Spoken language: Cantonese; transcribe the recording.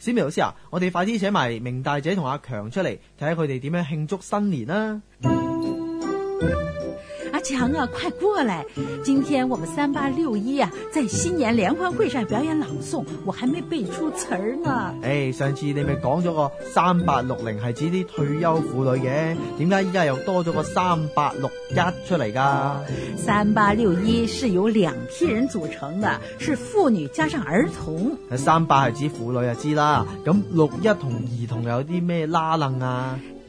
小薇老師啊，我哋快啲請埋明大姐同阿強出嚟，睇下佢哋點樣慶祝新年啦，啊！嗯強啊，快過來！今天我們三八六一啊，在新年聯歡會上表演朗誦，我還沒背出詞呢。哎，上次你咪講咗個三八六零係指啲退休婦女嘅，點解依家又多咗個三八六一出嚟噶？三八六一是由兩批人組成的，是婦女加上兒童。三八係指婦女啊，知啦。咁六一同兒童有啲咩拉楞啊？